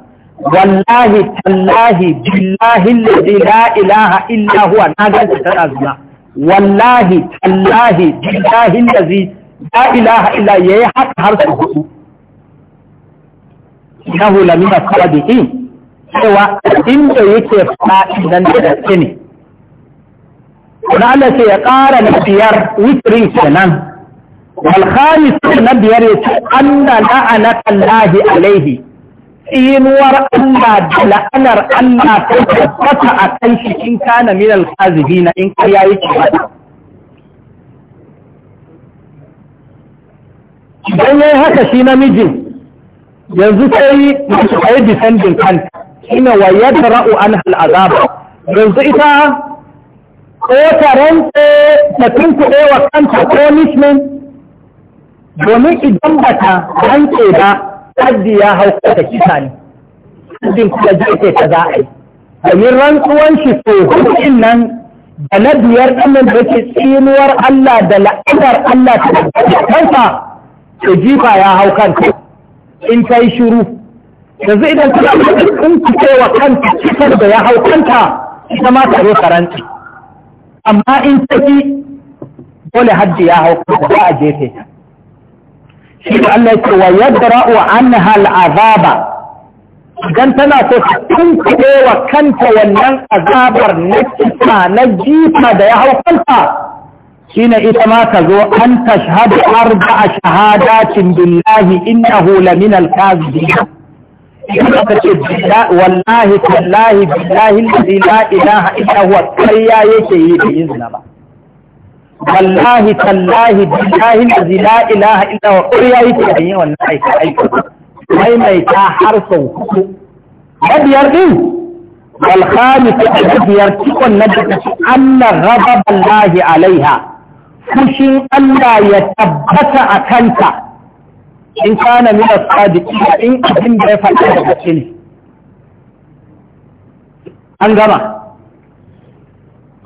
[SPEAKER 1] والله تالله بالله الذي لا اله الا هو نادى تنازلا والله تالله بالله الذي لا اله الا هو حق حرفه انه لمن الصادقين سوى ان يكي فائدا لنفسني ولعل سيقار نفسيار وكري سنان والخامس نبيار يتو ان لعنك الله عليه tsinuwar Allah da la'anar Allah ta tabbata a kan shi in kana min al-kazibina in ka yayi kibada idan yayi haka shi namijin yanzu sai mace ayi defending kanta kina wa yadra'u an al-azab yanzu ita ko tarante da tunkuɗe wa kanta punishment domin idan bata hanke ba haddi ya hau ka kisa ne haddin kuma zai ce ta za a yi domin rantsuwan shi so nan da na biyar ɗan nan da ke tsinuwar Allah da la'adar Allah ta da kansa to jifa ya hau kanta in ta yi shiru yanzu idan ta in ku wa kanta kisar da ya hau kanta ita ma ta zo amma in ta dole haddi ya hau kanta za a jefe ta shi da Allah ce wa yadra'u anha al'azaba idan tana so ta tunkuɗe wa kanta wannan azabar na kisa na jifa da ya hau kanta shine ita ma ka zo an tashhadu arba'a shahadatin billahi innahu lamina al-kadhibin idan ka ce wallahi tallahi billahi la ilaha illa huwa yake yi da izina ba wallahi tallahi billahi allazi la ilaha illa huwa ya yake da yin wannan aiki aiki maimaita har sau hudu na biyar din wal khamis da biyar cikon na da Allah raba Wallahi alaiha fushin Allah ya tabbata a kanta in kana min as-sadiqin in abin da ya faɗa da gaske ne an gama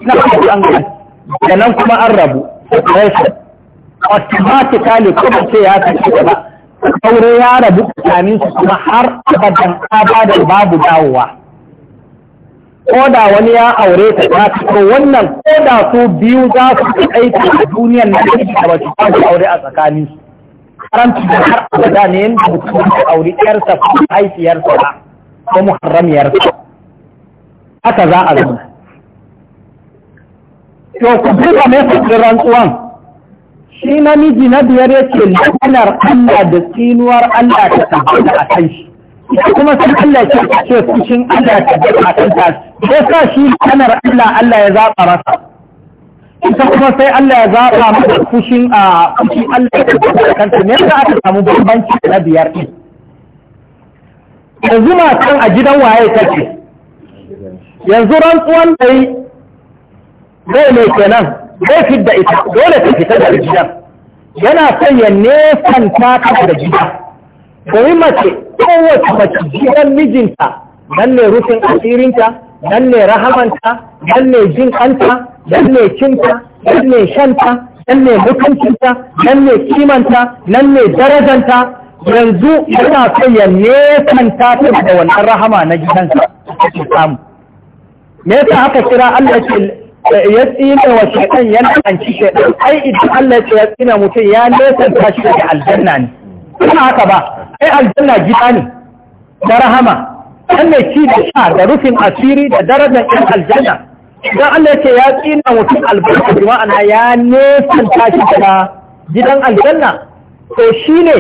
[SPEAKER 1] na an gama da nan kuma an rabu separation automatically kuma ce ya kashe gaba aure ya rabu tsakaninsu kuma har abadan abadan babu dawowa ko da wani ya aure ta ta ko wannan ko da su biyu za su aiki a duniyar na da ba su aure a tsakanin su haramci da har abada ne yadda mutum ya aure yarsa ko haifiyarsa ba ko muharramiyarsa haka za a zama to ku buga mai rantsuwan shi namiji na biyar ya ce la'anar Allah da tsinuwar Allah ta tabbata a kan shi ita kuma sun Allah ce ce fushin Allah ta tabbata a kan ta ko sa shi la'anar Allah Allah ya zaɓa masa ita kuma sai Allah ya zaɓa masa fushin a fushin Allah ta tabbata a kan ta ne yasa aka samu bambanci na biyar ɗin yanzu kan a gidan waye take yanzu rantsuwan da yi zai mai kenan zai fidda ita dole ta fita daga gidan yana son ya nesan ta da gida domin mace kowace mace gidan mijinta nan ne rufin asirinta nan ne rahamanta nan ne jin kanta nan ne cinta nan ne shanta nan ne mutuncinta nan ne kimanta nan ne darajanta yanzu yana son ya nesan ta da wannan rahama na gidansa ta samu me yasa aka kira Allah ce ya tsina wa shaitan ya lanci shaitan ai idan Allah ya tsina mutum ya nesanta shi daga aljanna ne kuma haka ba ai aljanna gida ne da rahama an ne ci da sha da rufin asiri da darajar ɗan aljanna idan Allah ya ce ya tsina mutum albarka bi ma'ana ya nesanta shi gidan aljanna to shine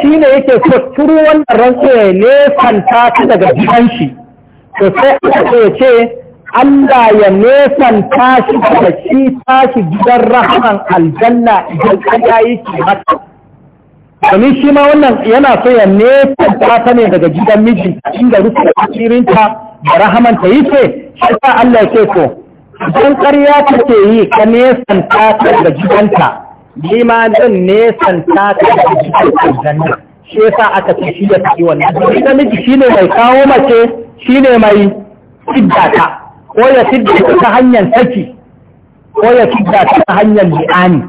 [SPEAKER 1] shi ne yake so turu wannan rantsuwa ya nesanta ta daga gidan shi to sai aka ce Allah ya nesan tashi da shi tashi gidan rahman aljanna idan ƙarya yake mata. Domin shi ma wannan yana so ya nesan ta ne daga gidan miji inda rufe asirinta da rahaman ta yi ce, shi ta Allah ya ke so. Idan ƙarya ke yi ka nesan ta daga gidanta, ni ma zan nesan ta daga gidan aljanna. Shi yasa aka ce shi ya tafi wannan. Gidan miji shi ne mai kawo mace, shi ne mai ta ko ya fidda ta hanyar saki ko ya fidda ta hanyar li'ani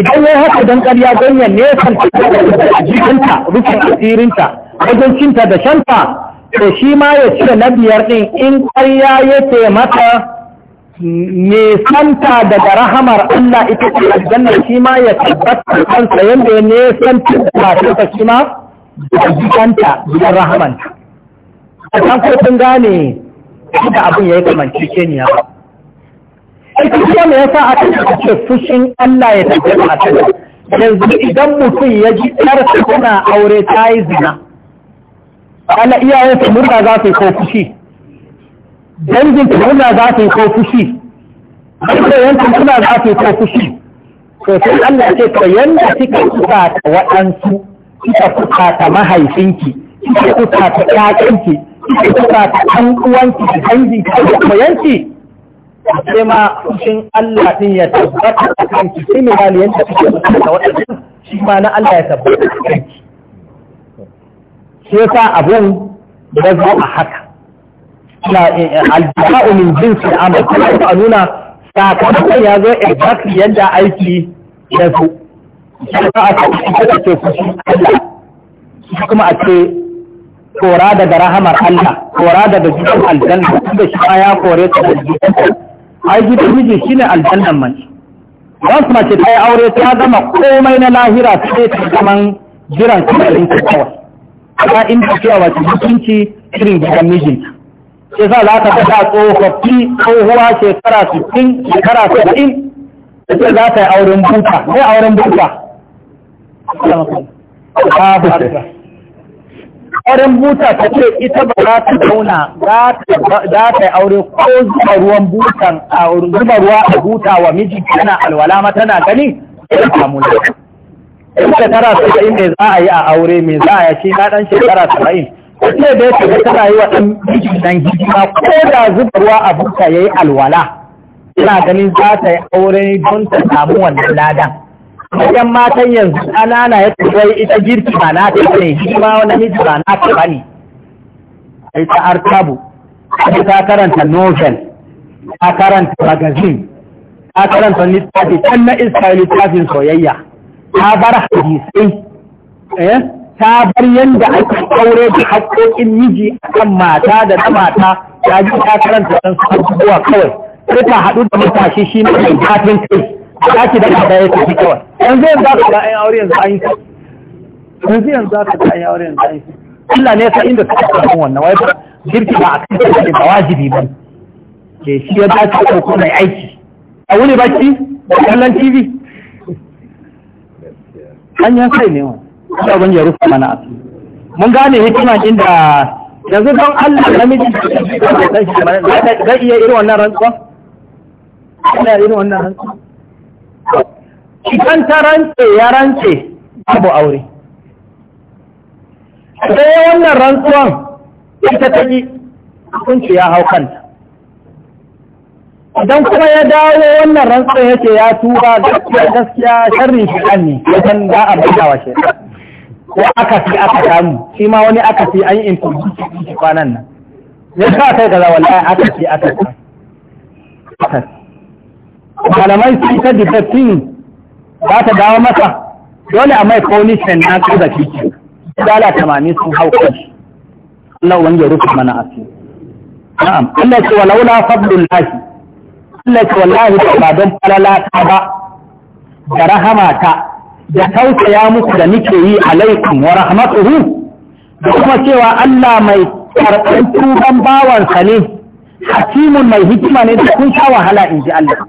[SPEAKER 1] idan ya haka don ƙarya ne ya da jikinta rufin asirinta wajen cinta da shanta to shi ma ya ce na biyar ɗin in ƙarya yake mata nesanta daga rahamar Allah ita ce aljanna shi ma ya tabbata kansa yadda ya nesanta da ta shi ma da jikanta da rahamanta. A kan sun gane da abin ya yi kamanci ke ni ya ba. Ita me yasa aka ce fushin Allah ya tafi a kan yanzu idan mutum ya ji ƙarfi kuna aure ta yi zina. Ana iyayen su murna za su yi ko fushi. Dangin su murna za su yi ko fushi.
[SPEAKER 2] Masoyan su murna za su yi ko
[SPEAKER 1] fushi. To sai Allah ya ce to yanda kika kusa ta waɗansu kika kusa ta mahaifinki kika kusa ta ƴaƴanki suka ta ɗan uwanki da dangi ka da koyanki sai ma fushin Allah ɗin ya tabbata a kanki sai mai wani yadda kake da waɗannan shi ma na Allah ya tabbata a kanki sai sa abun da zo a haka na eh, eh, aljiha'u min jinsi amal kuma a nuna sakamakon ya zo exactly yadda aiki ya zo sai a ce shi Allah kuma a ce
[SPEAKER 2] kora daga rahamar Allah kora daga
[SPEAKER 1] jikin aljanna da shi ya kore ta daga gidan ai jikin miji shine aljannan man wasu mace ta yi aure ta gama komai na lahira sai ta zama jiran kamarin ta kawai ta in ta cewa ta hukunci irin gidan mijinta sai za za ka ga tsofaffi tsohuwa shekara 60 shekara 70 sai za ta yi auren buta Ne auren
[SPEAKER 2] buta
[SPEAKER 1] ƙarin buta ta ce ita ba za ta zauna za ta yi aure ko zuba ruwan butan a zuba ruwa a buta wa miji tana alwala ma tana gani ta samu lafiya ita tara saba'in ne za a yi a aure me za a yi shi na ɗan shekara saba'in ce da ya tafi tana yi wa ɗan miji nan hijima ko da zuba ruwa a buta ya yi alwala ina ganin za ta yi aure don ta samu wannan ladan wajen matan yanzu ƙanana ya tsawai ita girki ba na ta ne shi ma wani miji ba na ta bane ai ta artabu ta karanta novel ta karanta magazine ta karanta littafi can na iska littafin soyayya ta bar hadisai eh, ta bar yadda ake aure da haƙoƙin miji akan mata da na mata ta ji ta karanta san abubuwa kawai sai ta haɗu da matashi shi ne kai za ki daga baya ta fi yanzu yanzu za ka da ayan aure yanzu an yi yanzu yanzu za ka da ayan aure yanzu an yi Allah ne sa inda suka samu wannan wai girki ba a kan da ba wajibi ba ke shi ya dace ko mai aiki a wuni bacci da kallon TV an yi sai ne wa Allah ban ya rufe mana asu mun gane hikima inda yanzu don Allah namiji da shi zai iya irin wannan rantsuwa Allah irin wannan rantsuwa idan ta rantse ya rantse babu aure
[SPEAKER 2] sai wannan rantsuwan
[SPEAKER 1] ita ta yi hukunci ya hau kanta idan kuma ya dawo wannan rantsuwan ya ce ya tuba gaskiya gaskiya sharri shi kan ne wajen za a bada wa shi ko aka fi aka samu shi ma wani aka fi an yi introduce shi kwanan nan
[SPEAKER 2] ya sa kai gaza wallahi
[SPEAKER 1] aka fi aka samu malamai sun ta dibbatin Ba ta dawo masa dole a mai punishment na su da shi dala tamanin sun hau kai Allah wanda rufe mana asiri na'am Allah ce walaula fadlun lahi Allah ce wallahi ba don falala ta ba da rahama ta da tausaya muku da nike yi alaikum wa rahmatuhu da kuma cewa Allah mai karɓar tuban bawansa ne hakimun mai hikima ne da kun sha wahala in ji Allah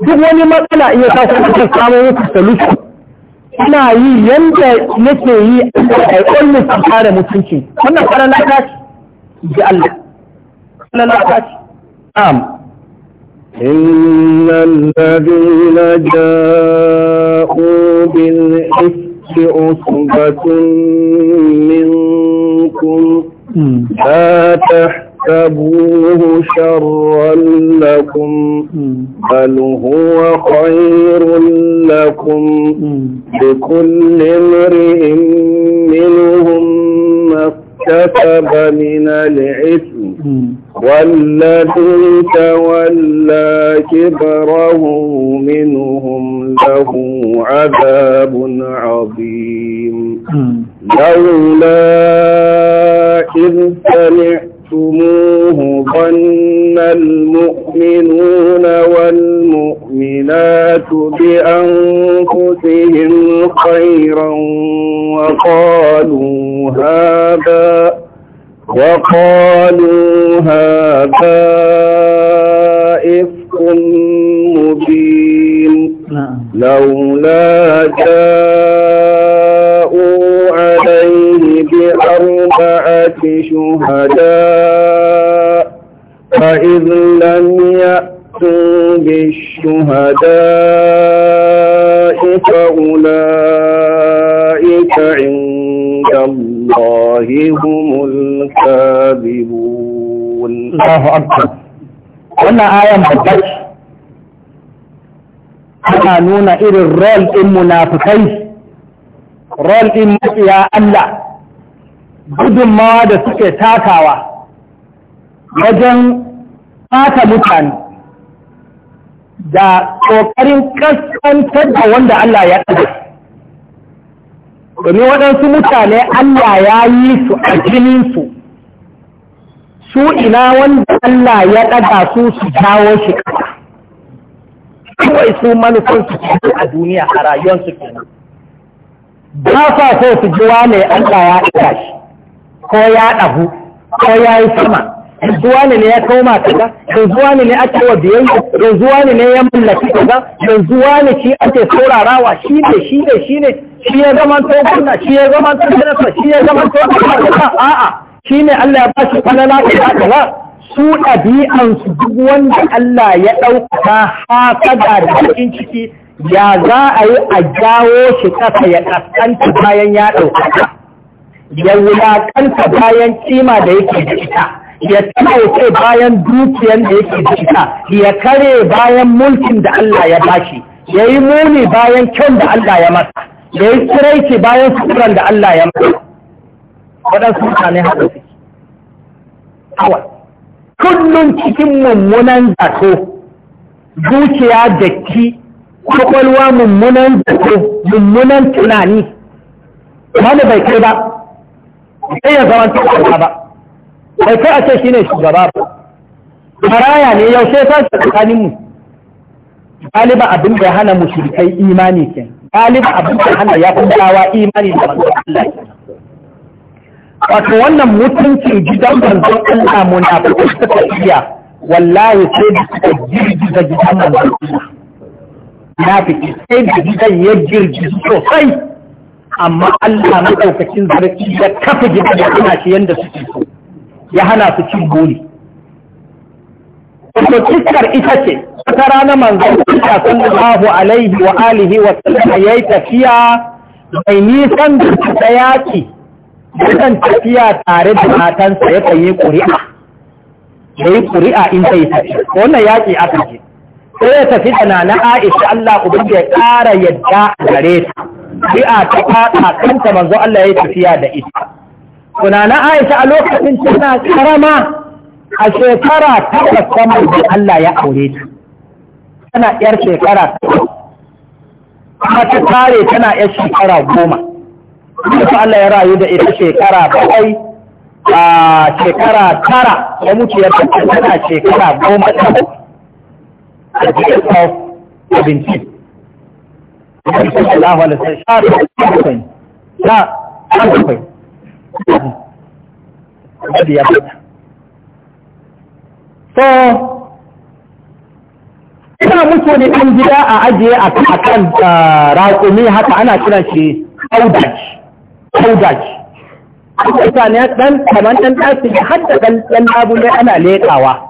[SPEAKER 1] duk wani matsala iya sa ku ta samu muku solution ina yi yanda nake yi a always an kare mutunci wannan fara na tashi ji Allah fara na tashi am
[SPEAKER 2] إن الذين جاءوا بالإفك أصبة منكم لا تحسبوا تحسبوه شرا لكم بل هو خير لكم لكل امرئ منهم ما اكتسب من العثم والذي تولى كبره منهم له عذاب عظيم لولا إذ سمع فاحسبتموه ظن المؤمنون والمؤمنات بأنفسهم خيرا وقالوا هذا وقالوا هذا إفك مبين نعم. لولا جاء أربعة شهداء فإذ لم يأتوا بالشهداء فأولئك عند الله هم الكاذبون الله أكبر
[SPEAKER 1] wannan ayan babbar ana nuna irin rol ɗin munafukai rol ɗin maƙiya Allah gudunmawa da suke takawa wajen fata mutane da ƙoƙarin ƙasƙantar da wanda Allah ya ɗaga. Domin waɗansu mutane Allah ya yi su a jininsu, su ina wanda Allah ya ɗaga su su jawo shi ƙasa. Kawai su manufansu ke a duniya a rayuwarsu kenan. Ba sa so su ji ne Allah ya ɗaga shi. ko ya ɗahu ko ya yi sama yanzu wani ne ya koma kaza wani ne ake wa biyayya wani ne ya mallaki kaza yanzuwa ne shi ake saurarawa shi ne shi ne shi ne shi ya zama to shi ya zama to shi ya zama to kaza a'a shi ne Allah ya ba shi falala kaza kaza su ɗabi'ansu duk wanda Allah ya ɗaukaka haka da cikin ciki ya za a yi a jawo shi ƙasa ya ƙasanta bayan ya ɗaukaka ya wulakanta bayan kima da yake da ita ya tsaye bayan dukiyan da yake da ita ya kare bayan mulkin da Allah ya bashi ya yi muni bayan kyan da Allah ya masa ya yi tsiraiki bayan suturan da Allah ya masa waɗansu mutane haɗa su kawai kullum cikin mummunan zato dukiya, da ki kwakwalwa mummunan zato mummunan tunani wani bai kai ba sai ya zama shugaba ba Sai kai a ce shi ne shugaba ba maraya ne yaushe ta ce tsakanin mu galiba abin da ya hana mu shirkai imani ke galiba abin da hana ya fi dawa imani da manzon Allah wato wannan mutuncin gidan manzon Allah munafikai suka iya wallahi sai da suka girgiza gidan manzon Allah fi sai da gidan ya girgiza sosai amma Allah maɗaukacin zarafi ya kafa gida da hana shi yadda suke so ya hana su cin goli to cikar ita ce ta rana manzon Allah sallallahu alaihi wa alihi wa sallam yayi tafiya mai nisan da ta yaki tafiya tare da matansa ya kai yi ƙuri'a ya yi ƙuri'a in yi tafi wannan yaƙi aka je sai ya tafi da na Aisha Allah ubangi ya ƙara yadda a gare ta bi'a ta fata kanta manzo Allah ya tafiya da ita tunana Aisha a lokacin tana karama a shekara takwas ta manzo Allah ya aure ta tana yar shekara kuma ta tare tana yar shekara goma kuma Allah ya rayu da ita shekara bakwai a shekara tara ya muke ya tana shekara goma ta a 17 ina mutu ne an gida a ajiye a kan raƙumi haka ana kiran shi audaj kusa ne ɗan kamar ɗan ɗaki da har da ɗan labule ana leƙawa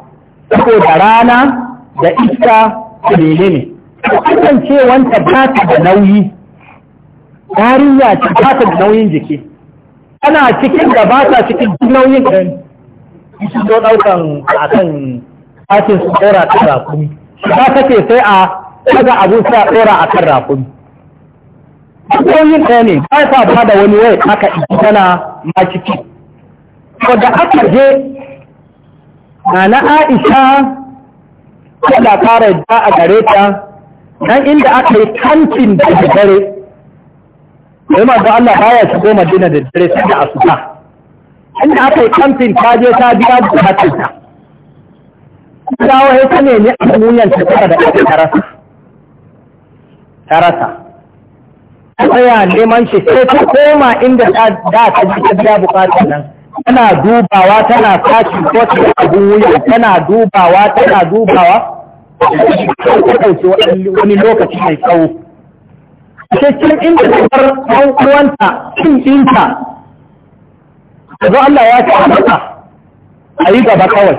[SPEAKER 1] saboda rana da iska su ne ne to kasancewanta ba ta da nauyi Tariya ce ba ta da nauyin jiki ana cikin da ba ta cikin nauyin ɗin. shi zo ɗaukan a kan fatin su tsora ta rakumi ta sai a daga abin sa ɗora a kan rakumi nauyin ɗaya ne ba ta ba da wani wai aka iji tana ma ciki to da aka je na na Aisha da ƙara da a gareta. dan inda aka yi kantin da dare sai ma da Allah baya shigo Madina da dare sai da asuba inda aka yi kantin ta je ta biya bukatun ta dawo ya sane ne a wuyan ta tara da ta tarasa tarasa tsaya neman shi sai ta koma inda da ta ji ta biya bukatun nan tana dubawa tana sashi ko ta abun wuya tana dubawa tana dubawa wani lokaci mai tsawo cikin inda ta bar ɗan'uwanta cin ɗinta zo Allah ya ce a mata a yi gaba kawai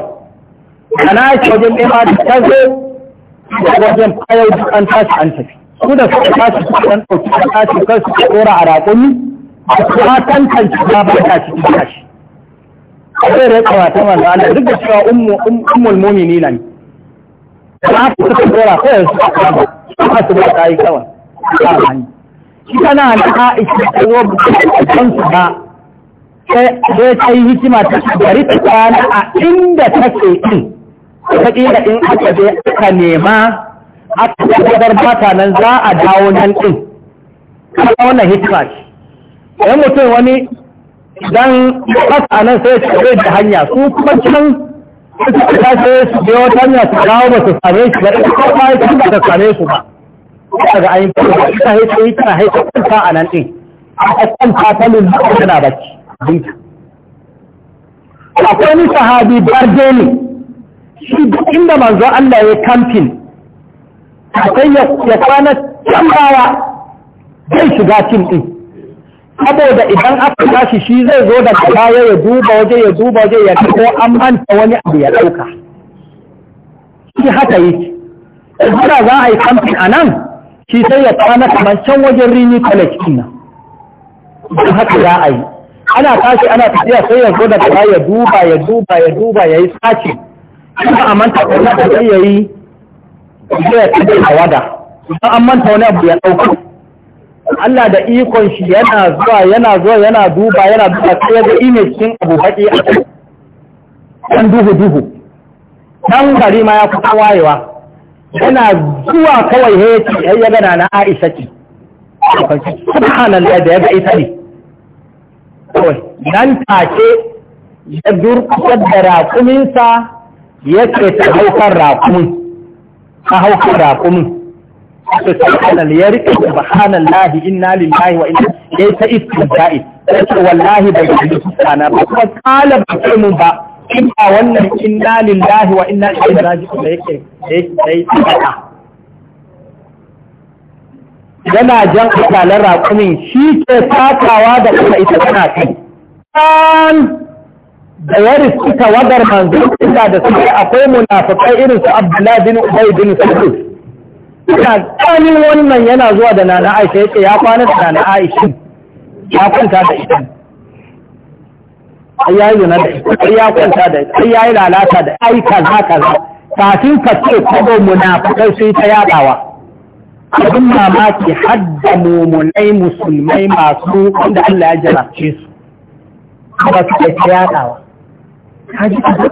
[SPEAKER 1] ana ce wajen ɗaya da ta zo da wajen kayar duk an tashi an tafi su da suka tashi suka ɗan ɗauki an tashi kan suka ɗora a raƙumi a kuma tantance ba ba ta cikin tashi.
[SPEAKER 2] Akwai rakawa ta manzo Allah duk da cewa
[SPEAKER 1] umm-, umm-, ummul na ne.
[SPEAKER 2] ba su suka dora kawai su kama
[SPEAKER 1] ba su ba ta yi kawai ta hannu shi tana da aisha ta yi zo bukatan su ba sai ta yi hikima ta bari ta kwana a inda take in, ta kila in aka je aka nema aka tabbatar bata nan za a dawo nan din kuma wannan hikima ce ɗan mutum wani dan fasa nan sai ya da hanya su kuma can suka tashi su biyo wata hanya su dawo ba su same shi ba ita ko ba ita ba ta same su ba daga ayin fara ita haita yi tana haita kanta a nan ɗin a kanta ta lullu tana bacci dinka akwai ni sahabi barde ne shi duk inda manzo Allah ya kamfin akwai ya kwana can baya zai shiga cin ɗin saboda idan aka tashi shi zai zo da baya ya duba waje ya duba waje ya ko an manta wani abu ya ɗauka. shi haka yi kuma za a yi kamfin a nan shi sai ya kwana kamar can wajen rini college din nan don haka za a yi ana tashi ana tafiya sai ya zo da baya ya duba ya duba ya duba ya yi sace kuma a manta wani abu ya yi zai ya kada a wada an manta wani abu ya ɗauka. Allah da ikon shi yana zuwa yana zuwa yana duba yana duba sai ga ime cikin abu baki a
[SPEAKER 2] kan duhu duhu
[SPEAKER 1] dan gari ma ya kusa wayewa yana zuwa kawai he yace ya gana na Aisha ce subhanallah da ya ga ita ne kawai nan take ya durkusar da rakuminsa ya ce ta haukar rakumin ta haukar rakumin سبحان اليرك سبحان الله إنا لله وإنا ليس استجاء والله بيجلس أنا فقال بكم با إما وإنا إنا لله وإنا إليه راجعون ليك ليك ليك لنا جن قال رأوني شيء تاتا وادا كيف كان بيار السكة ودر من ذلك إلا دسكة أقوم نافقا إرس عبد الله دين أبي دين سبوث ina tsanin wannan yana zuwa da nana aisha ya ce ya kwana da nana aisha ya kwanta da ita ai ya yi zina da ita ai ya kwanta da ita ai ya yi lalata da ai kaza kaza kafin ka ce kwabo munafukai sai ta yaɗawa abin mamaki hadda mumunai musulmai masu wanda Allah ya jarabce su ba su da ta yaɗawa ka ji kaza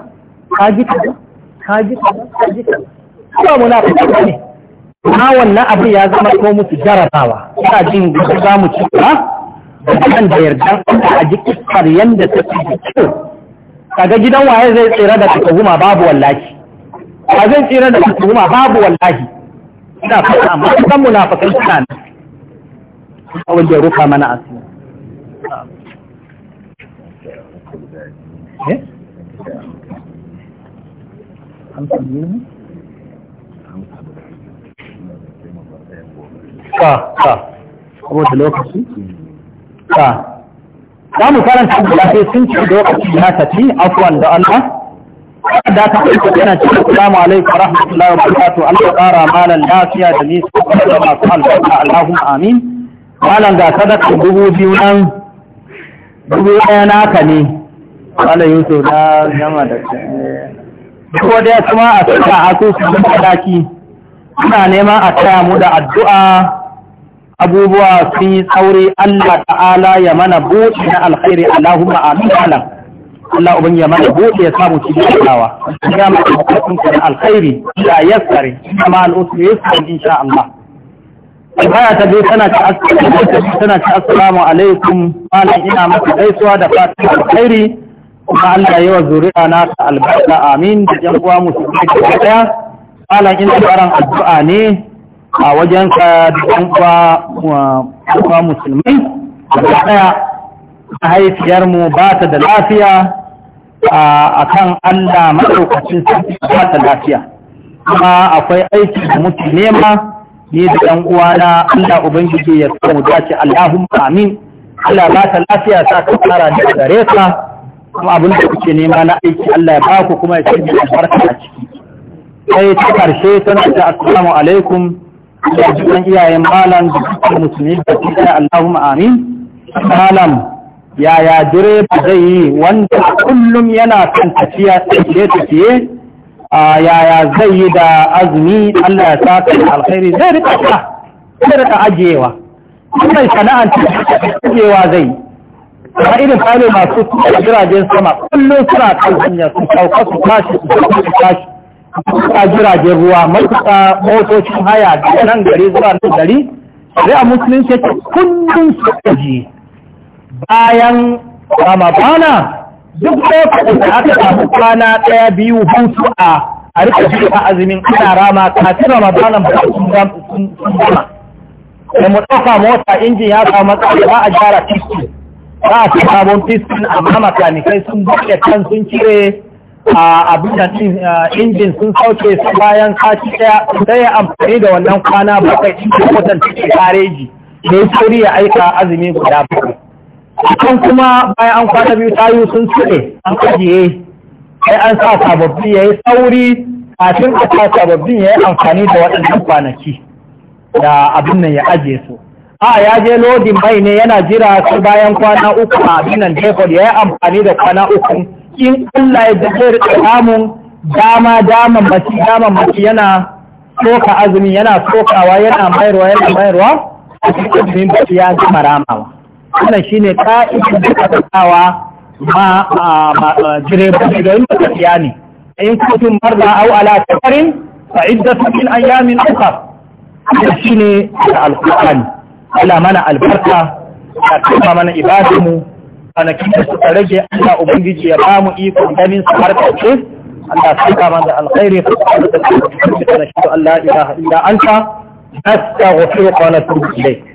[SPEAKER 1] ka ji kaza ka ji kaza ka ji kaza ba munafukai ne ma wannan abu ya zama ko musu jarabawa ina jin da za mu ci ba da kan da yardan Allah a jikin karyan da ta ci kyau kaga gidan waye zai tsira da tuhuma babu wallahi
[SPEAKER 2] ba zai tsira da
[SPEAKER 1] tuhuma babu wallahi ina fata amma kan munafikai suna nan kawai da rufa mana asiri eh an san ka ka saboda lokaci ka za mu karanta guda sai sun ce lokaci na tafi afuwan da Allah da ta da yana cikin salamu alaikum rahmatullahi wa barakatuh Allah ƙara malan lafiya da ni da masu albarka Allahumma amin
[SPEAKER 2] malan ga sadaka
[SPEAKER 1] dubu biyu nan dubu ɗaya naka ne na da ko dai kuma a saka asusun sadaki ina neman a taya mu da addu'a abubuwa sun yi tsauri Allah ta'ala ya mana buɗe na alkhairi Allahumma amin alam Allah uban ya mana buɗe ya samu cikin alawa ya mana bukatun ka na alkhairi ya yassare kuma al'usri yassare insha Allah Baya ta biyu tana ta ci tana ci assalamu alaikum malam ina masa gaisuwa da fatan alkhairi kuma Allah ya wa zuriya na ta albarka amin da jan uwa musulmi da daya malam ina faran addu'a ne a wajenka da uwa musulmai da ɗaya mu ba ta da lafiya a kan Allah maɗaukacin sarki ba ta lafiya kuma akwai aiki da mutu nema ne da ɗan uwana Allah Ubangiji ya mu dace allahun amin Allah ba ta lafiya ta ka fara da gare ka kuma abin da kuke nema na aiki Allah ya baku kuma ya ce da albarka a ciki sai ta karshe tana ta assalamu alaikum
[SPEAKER 2] da jikin iyayen malam da dukkan
[SPEAKER 1] musulmi da cikin Allahumma amin malam yaya direba zai yi wanda kullum yana kan tafiya tsaye tafiye a yaya zai yi da azumi Allah ya saka alkhairi zai rika ka zai rika ajiyewa kuma sana'an ajiyewa zai a irin fare masu jiragen sama kullum suna kan hanya su sauka su tashi su tashi A jiragen ruwa matuƙa motocin haya daga nan gari zuwa nan gari sai a musulunci ce kullum su kaji bayan ramadana duk lokacin da aka samu kwana ɗaya biyu hutu a a rika ji a azumin ana rama kafin Ramadana ba sun gama da mu ɗauka mota injin ya samu matsala ba a gyara fiskin ba a fi sabon fiskin amma makanikai sun buɗe kan sun cire abin da injin sun sauke su bayan kaci daya sai ya amfani da wannan kwana bakwai cikin watan cikin kareji da ya sauri ya aika azumi guda bakwai kan kuma bayan an kwana biyu tayu sun tsuɗe an kajiye sai an sa sababbi ya yi sauri kafin a sa sababbin ya yi amfani da waɗannan kwanaki da abin nan ya ajiye su a ya je lodin mai ne yana jira su bayan kwana uku a abin nan ya yi amfani da kwana uku in Allah ya da samun dama dama mace dama mace yana soka azumi yana sokawa yana mayarwa yana mayarwa a cikin azumin da ya gama ramawa wannan shine ka'idar da aka kawa ma direbobi da yin tafiya ne in kutun marda au ala tafarin fa iddatu min ayyamin ukhra shine da alqur'ani Allah mana albarka ya kuma mana ibadunmu kwanakin da suka rage Allah Ubangiji ya ba mu ikon ganin su har ƙarshe Allah su kama da alkhairi ko da da da Allah ila illa anta astaghfiruka wa natubu ilayk